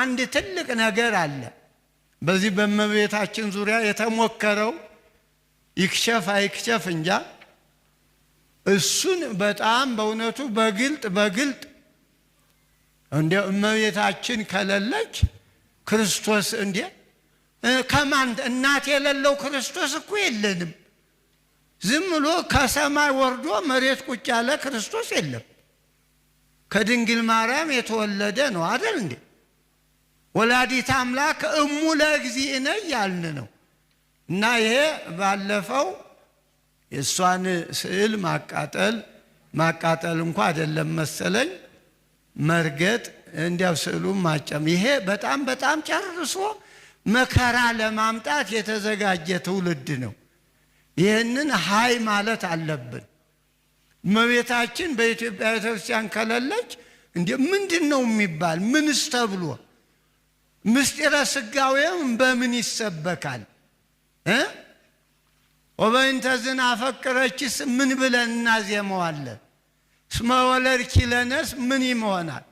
አንድ ትልቅ ነገር አለ። በዚህ በእመቤታችን ዙሪያ የተሞከረው ይክሸፍ አይክሸፍ እንጃ። እሱን በጣም በእውነቱ በግልጥ በግልጥ እንደ እመቤታችን ከሌለች ክርስቶስ እንዴ ከማን እናት የሌለው ክርስቶስ እኮ የለንም። ዝም ብሎ ከሰማይ ወርዶ መሬት ቁጭ ያለ ክርስቶስ የለም። ከድንግል ማርያም የተወለደ ነው አደል እንዴ? ወላዲት አምላክ እሙ ለእግዚእነ ያልን ነው እና ይሄ ባለፈው የእሷን ስዕል ማቃጠል ማቃጠል እንኳ አይደለም መሰለኝ መርገጥ እንዲያው ስዕሉም ማጨም ይሄ በጣም በጣም ጨርሶ መከራ ለማምጣት የተዘጋጀ ትውልድ ነው። ይህንን ሀይ ማለት አለብን። እመቤታችን በኢትዮጵያ ቤተክርስቲያን ከሌለች እንዲ ምንድን ነው የሚባል ምንስ ተብሎ ምስጢረ ሥጋዌም በምን ይሰበካል? ወበእንተዝን አፈቅረችስ ምን ብለን እናዜመዋለን? እስመ ወለድኪለነስ ምን ይመሆናል?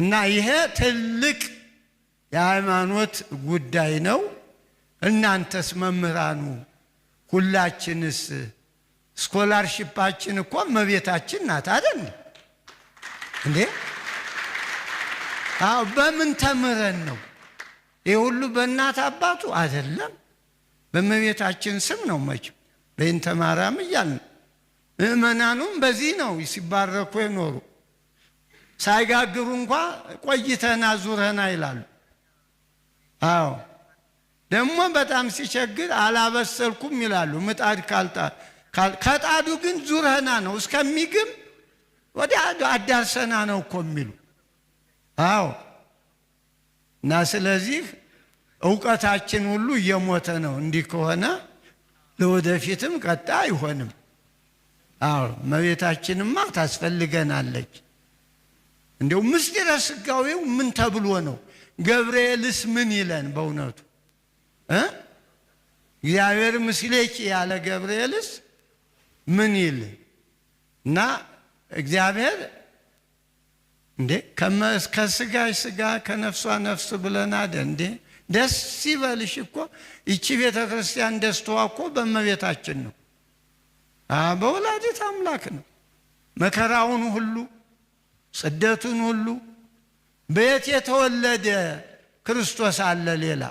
እና ይሄ ትልቅ የሃይማኖት ጉዳይ ነው። እናንተስ መምህራኑ ሁላችንስ ስኮላርሽፓችን እኮ እመቤታችን ናት አይደል እንዴ? አዎ በምን ተምረን ነው? ይህ ሁሉ በእናት አባቱ አይደለም፣ በእመቤታችን ስም ነው። መቼም በይንተ ማርያም እያልን ምእመናኑም በዚህ ነው ሲባረኩ የኖሩ። ሳይጋግሩ እንኳ ቆይተና ዙረና ይላሉ። አዎ ደግሞ በጣም ሲቸግር አላበሰልኩም ይላሉ። ምጣድ ካልጣ ከጣዱ ግን ዙረና ነው እስከሚግም ወዲያ አዳርሰና ነው እኮ የሚሉ አዎ። እና ስለዚህ እውቀታችን ሁሉ እየሞተ ነው። እንዲህ ከሆነ ለወደፊትም ቀጣ አይሆንም። አዎ መቤታችንማ ታስፈልገናለች። እንዲሁ ምስጢረ ስጋዌው ምን ተብሎ ነው? ገብርኤልስ ምን ይለን? በእውነቱ እግዚአብሔር ምስሌኪ ያለ ገብርኤልስ ምን ይል እና እግዚአብሔር እንዴ ከስጋሽ ስጋ ከነፍሷ ነፍስ አደ እንዴ ደስ ሲበልሽ እኮ ይቺ ቤተ ክርስቲያን ደስታዋ እኮ በእመቤታችን ነው፣ በወላዲት አምላክ ነው። መከራውን ሁሉ ስደቱን ሁሉ በየት የተወለደ ክርስቶስ አለ ሌላ